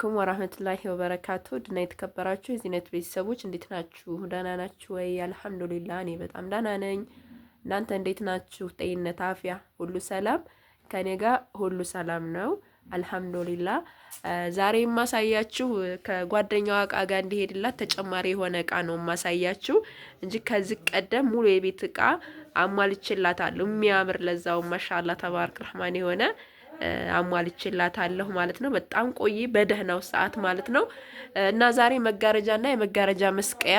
ኩም ወራህመቱላሂ ወበረካቱ ድና የተከበራችሁ የዚህነት ቤተሰቦች እንዴት ናችሁ? ዳና ናችሁ ወይ? አልሐምዱሊላ እኔ በጣም ዳና ነኝ። እናንተ እንዴት ናችሁ? ጤንነት አፍያ፣ ሁሉ ሰላም ከኔ ጋር ሁሉ ሰላም ነው አልሐምዱሊላ። ዛሬ የማሳያችሁ ከጓደኛዋ እቃ ጋር እንዲሄድላት ተጨማሪ የሆነ እቃ ነው የማሳያችሁ እንጂ ከዚህ ቀደም ሙሉ የቤት እቃ አሟልችላታለሁ። የሚያምር ለዛው ማሻላ ተባርክ ረህማን የሆነ አሟልቼላታለሁ ማለት ነው። በጣም ቆይ በደህናው ሰዓት ማለት ነው። እና ዛሬ መጋረጃና የመጋረጃ መስቀያ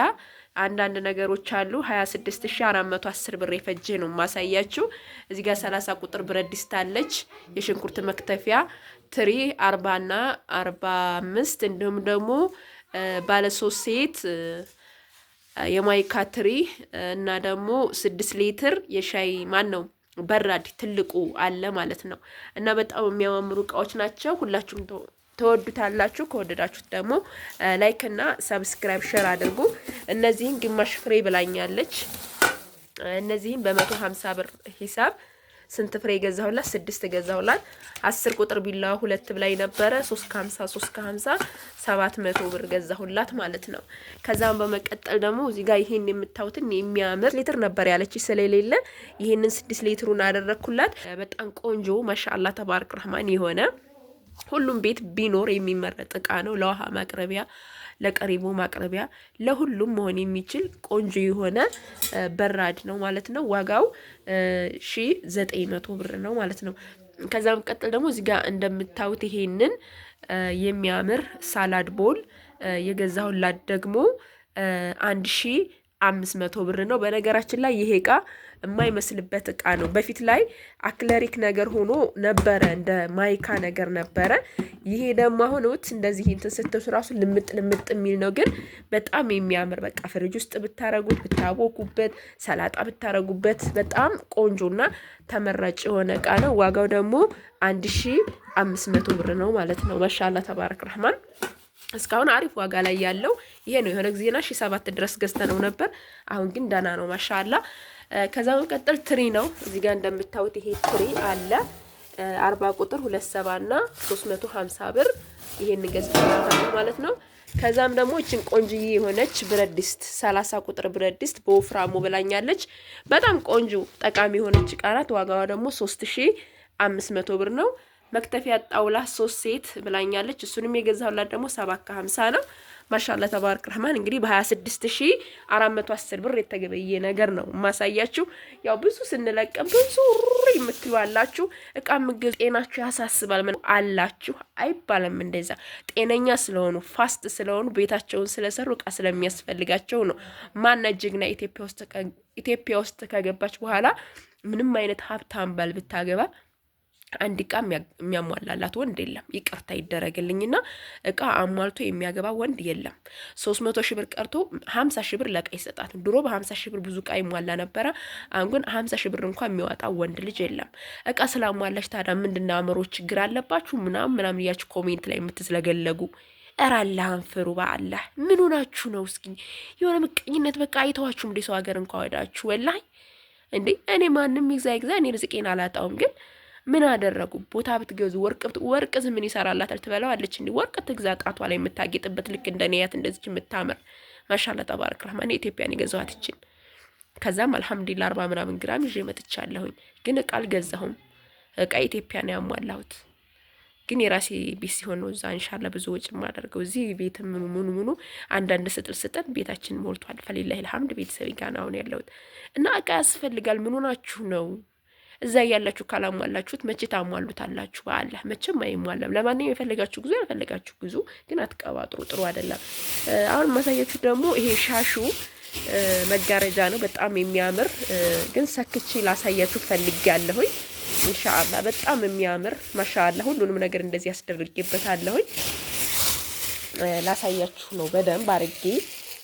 አንዳንድ ነገሮች አሉ። 26410 ብር የፈጀ ነው ማሳያችሁ። እዚህ ጋር 30 ቁጥር ብረት ድስት አለች። የሽንኩርት መክተፊያ ትሪ 40 እና 45 እንዲሁም ደግሞ ባለ ሶስት ሴት የማይካ ትሪ እና ደግሞ 6 ሊትር የሻይ ማን ነው በራድ ትልቁ አለ ማለት ነው። እና በጣም የሚያማምሩ እቃዎች ናቸው። ሁላችሁም ተወዱታላችሁ። ከወደዳችሁት ደግሞ ላይክ እና ሰብስክራይብ ሸር አድርጉ። እነዚህን ግማሽ ፍሬ ብላኛለች። እነዚህን በመቶ ሀምሳ ብር ሂሳብ ስንት ፍሬ ገዛሁላት? ስድስት ገዛሁላት። አስር ቁጥር ቢላ ሁለት ብላይ ነበረ። ሶስት ከሀምሳ ሶስት ከሀምሳ ሰባት መቶ ብር ገዛሁላት ማለት ነው። ከዛም በመቀጠል ደግሞ እዚህ ጋር ይሄን የምታዩትን የሚያምር ሊትር ነበር ያለች ስለሌለ ይሄንን ስድስት ሊትሩን አደረግኩላት። በጣም ቆንጆ ማሻአላ ተባርክ ረህማን የሆነ ሁሉም ቤት ቢኖር የሚመረጥ እቃ ነው ለውሃ ማቅረቢያ ለቀሪቦ ማቅረቢያ ለሁሉም መሆን የሚችል ቆንጆ የሆነ በራድ ነው ማለት ነው። ዋጋው ሺ ዘጠኝ መቶ ብር ነው ማለት ነው። ከዛ መቀጠል ደግሞ እዚጋ እንደምታዩት ይሄንን የሚያምር ሳላድ ቦል የገዛሁላት ደግሞ አንድ ሺ አምስት መቶ ብር ነው። በነገራችን ላይ ይሄ እቃ የማይመስልበት እቃ ነው። በፊት ላይ አክለሪክ ነገር ሆኖ ነበረ፣ እንደ ማይካ ነገር ነበረ። ይሄ ደግሞ አሁን ውት እንደዚህ እንትን ስትሱ ራሱ ልምጥ ልምጥ የሚል ነው፣ ግን በጣም የሚያምር በቃ ፍሪጅ ውስጥ ብታረጉት፣ ብታቦኩበት፣ ሰላጣ ብታረጉበት በጣም ቆንጆና ተመራጭ የሆነ እቃ ነው። ዋጋው ደግሞ አንድ ሺ አምስት መቶ ብር ነው ማለት ነው። ማሻላ ተባረክ ረህማን እስካሁን አሪፍ ዋጋ ላይ ያለው ይሄ ነው። የሆነ ጊዜና ሺ ሰባት ድረስ ገዝተ ነው ነበር። አሁን ግን ደህና ነው ማሻላ። ከዛ መቀጠል ትሪ ነው። እዚህ ጋር እንደምታዩት ይሄ ትሪ አለ። አርባ ቁጥር ሁለት ሰባ እና ሶስት መቶ ሀምሳ ብር ይሄን ገዝቻለሁ ማለት ነው። ከዛም ደግሞ እችን ቆንጅዬ የሆነች ብረት ድስት ሰላሳ ቁጥር ብረት ድስት በወፍራሙ ብላኛለች። በጣም ቆንጆ ጠቃሚ የሆነች እቃ ናት። ዋጋዋ ደግሞ ሶስት ሺ አምስት መቶ ብር ነው። መክተፊያ ጣውላ ሶስት ሴት ብላኛለች። እሱንም የገዛሁላት ደግሞ ሰባት ከሀምሳ ነው። ማሻላ ተባረክ ረህማን። እንግዲህ በ26410 ብር የተገበየ ነገር ነው የማሳያችሁ። ያው ብዙ ስንለቀም ብዙ የምትሉ አላችሁ። እቃ ምግብ ጤናችሁ ያሳስባል አላችሁ አይባልም። እንደዛ ጤነኛ ስለሆኑ ፋስት ስለሆኑ ቤታቸውን ስለሰሩ እቃ ስለሚያስፈልጋቸው ነው። ማና ጀግና ኢትዮጵያ ውስጥ ከገባች በኋላ ምንም አይነት ሀብታም ባል ብታገባ አንድ እቃ የሚያሟላላት ወንድ የለም። ይቅርታ ይደረግልኝና እቃ አሟልቶ የሚያገባ ወንድ የለም። ሶስት መቶ ሺህ ብር ቀርቶ ሀምሳ ሺህ ብር ለእቃ ይሰጣት። ድሮ በሀምሳ ሺህ ብር ብዙ እቃ ይሟላ ነበረ። አሁን ግን ሀምሳ ሺህ ብር እንኳ የሚወጣ ወንድ ልጅ የለም። እቃ ስላሟላች ታዲያ ምንድን አእምሮ ችግር አለባችሁ? ምናም ምናም እያች ኮሜንት ላይ የምትስለገለጉ እረ አላህን ፍሩ። በአላህ ምን ሆናችሁ ነው? እስኪ የሆነ ምቀኝነት በቃ አይተዋችሁ እንደ ሰው ሀገር እንኳ ወዳችሁ ወላይ እንዴ እኔ ማንም ይግዛ ይግዛ እኔ ርዝቄን አላጣውም ግን ምን አደረጉ? ቦታ ብትገዙ ወርቅ ወርቅ ዝምን ይሰራላታል? ትበላዋለች። እንዲ ወርቅ ትግዛ፣ ጣቷ ላይ የምታጌጥበት ልክ እንደ ነያት እንደዚች የምታምር ማሻላ ተባረክ ረህማን። የኢትዮጵያን የገዛኋት ይችን። ከዛም አልሐምዱሊላ አርባ ምናምን ግራም ይዤ መጥቻለሁኝ። ግን እቃ አልገዛሁም። እቃ ኢትዮጵያ ነው ያሟላሁት። ግን የራሴ ቤት ሲሆን ነው እዛ እንሻላ ብዙ ወጪ የማደርገው። እዚህ ቤት ምኑ ምኑ ምኑ አንዳንድ ስጥል ስጠን ቤታችን ሞልቷል። ፈሌላ ልሐምድ ቤተሰብ ጋር አሁን ያለሁት እና እቃ ያስፈልጋል። ምኑ ናችሁ ነው እዛ እያላችሁ ካላሟላችሁት መቼ ታሟሉታላችሁ? አለ መቼም አይሟላም። ለማንኛውም የፈለጋችሁ ጉዞ ያልፈለጋችሁ ጉዞ ግን አትቀባጥሩ። ጥሩ አይደለም። አሁን ማሳያችሁ ደግሞ ይሄ ሻሹ መጋረጃ ነው። በጣም የሚያምር ግን ሰክቼ ላሳያችሁ ፈልጌያለሁኝ። እንሻአላ በጣም የሚያምር ማሻአላ፣ ሁሉንም ነገር እንደዚህ ያስደርግበታለሁኝ። ላሳያችሁ ነው በደንብ አድርጌ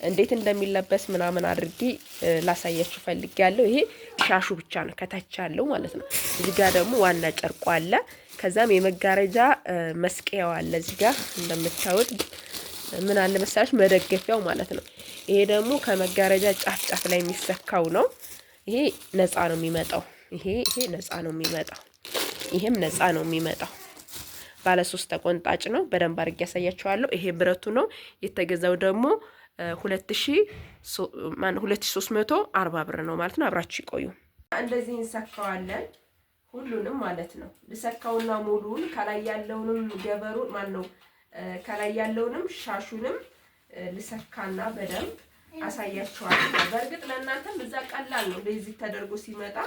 እንዴት እንደሚለበስ ምናምን አድርጌ ላሳያችሁ ፈልጌያለሁ ይሄ ሻሹ ብቻ ነው ከታች ያለው ማለት ነው። እዚህ ጋር ደግሞ ዋና ጨርቁ አለ። ከዛም የመጋረጃ መስቀያው አለ። እዚህ ጋር እንደምታዩት ምን አለ መሳለች መደገፊያው ማለት ነው። ይሄ ደግሞ ከመጋረጃ ጫፍ ጫፍ ላይ የሚሰካው ነው። ይሄ ነፃ ነው የሚመጣው። ይሄ ይሄ ነፃ ነው የሚመጣው። ይሄም ነፃ ነው የሚመጣው። ባለ ሶስት ተቆንጣጭ ነው። በደንብ አድርጌ ያሳያችኋለሁ። ይሄ ብረቱ ነው የተገዛው ደግሞ ሁለት ሺ ሁለት ሺ ሶስት መቶ አርባ ብር ነው ማለት ነው። አብራችሁ ይቆዩ። እንደዚህ እንሰካዋለን ሁሉንም ማለት ነው። ልሰካውና ሙሉን ከላይ ያለውንም ገበሩ ማን ነው ከላይ ያለውንም ሻሹንም ልሰካና በደንብ አሳያችኋለሁ። በእርግጥ ለእናንተም እዛ ቀላል ነው። እንደዚህ ተደርጎ ሲመጣ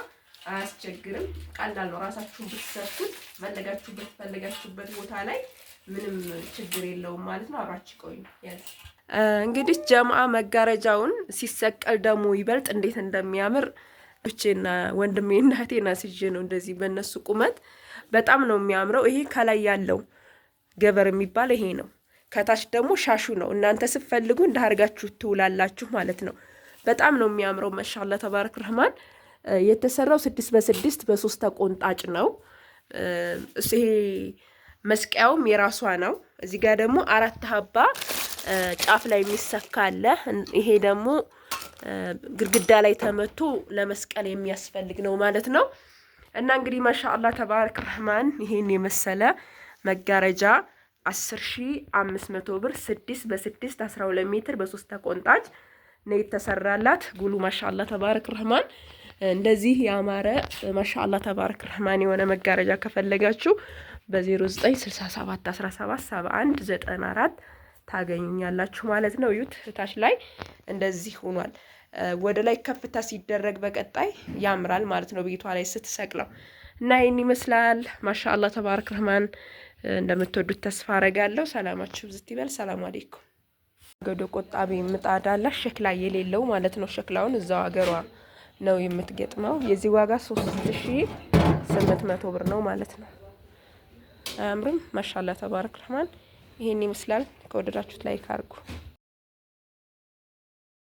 አያስቸግርም፣ ቀላል ነው። ራሳችሁን ብትሰኩት ፈለጋችሁበት ፈለጋችሁበት ቦታ ላይ ምንም ችግር የለውም ማለት ነው። ቆዩ። እንግዲህ ጀምአ መጋረጃውን ሲሰቀል ደግሞ ይበልጥ እንዴት እንደሚያምር ቼና ወንድሜ እናቴና ስዤ ነው እንደዚህ በእነሱ ቁመት በጣም ነው የሚያምረው። ይሄ ከላይ ያለው ገበር የሚባል ይሄ ነው። ከታች ደግሞ ሻሹ ነው። እናንተ ስትፈልጉ እንዳርጋችሁ ትውላላችሁ ማለት ነው። በጣም ነው የሚያምረው። መሻላ ተባረክ ረህማን የተሰራው ስድስት በስድስት በሶስት ተቆንጣጭ ነው ይሄ መስቀያውም የራሷ ነው። እዚህ ጋር ደግሞ አራት ሀባ ጫፍ ላይ የሚሰካ አለ። ይሄ ደግሞ ግድግዳ ላይ ተመቶ ለመስቀል የሚያስፈልግ ነው ማለት ነው። እና እንግዲህ ማሻአላህ ተባረክ ረህማን ይሄን የመሰለ መጋረጃ 10500 ብር 6 በስድስት 12 ሜትር በሶስት 3 ተቆንጣጭ ነው የተሰራላት። ጉሉ ማሻአላህ ተባረክ ረህማን እንደዚህ ያማረ ማሻአላ ተባረክ ረህማን የሆነ መጋረጃ ከፈለጋችሁ በ0967177194 ታገኙኛላችሁ ማለት ነው። ዩት ታች ላይ እንደዚህ ሆኗል። ወደ ላይ ከፍታ ሲደረግ በቀጣይ ያምራል ማለት ነው። ቤቷ ላይ ስትሰቅለው እና ይህን ይመስላል። ማሻአላ ተባረክ ረህማን እንደምትወዱት ተስፋ አረጋለሁ። ሰላማችሁ ብዝት ይበል። ሰላም አሌይኩም። ገዶ ቆጣቢ ምጣድ ሸክላ የሌለው ማለት ነው። ሸክላውን እዛው አገሯ ነው የምትገጥመው። የዚህ ዋጋ 3800 ብር ነው ማለት ነው። አያምርም? ማሻላ ተባረክ ረህማን። ይሄን ይመስላል። ከወደዳችሁት ላይክ አድርጉ።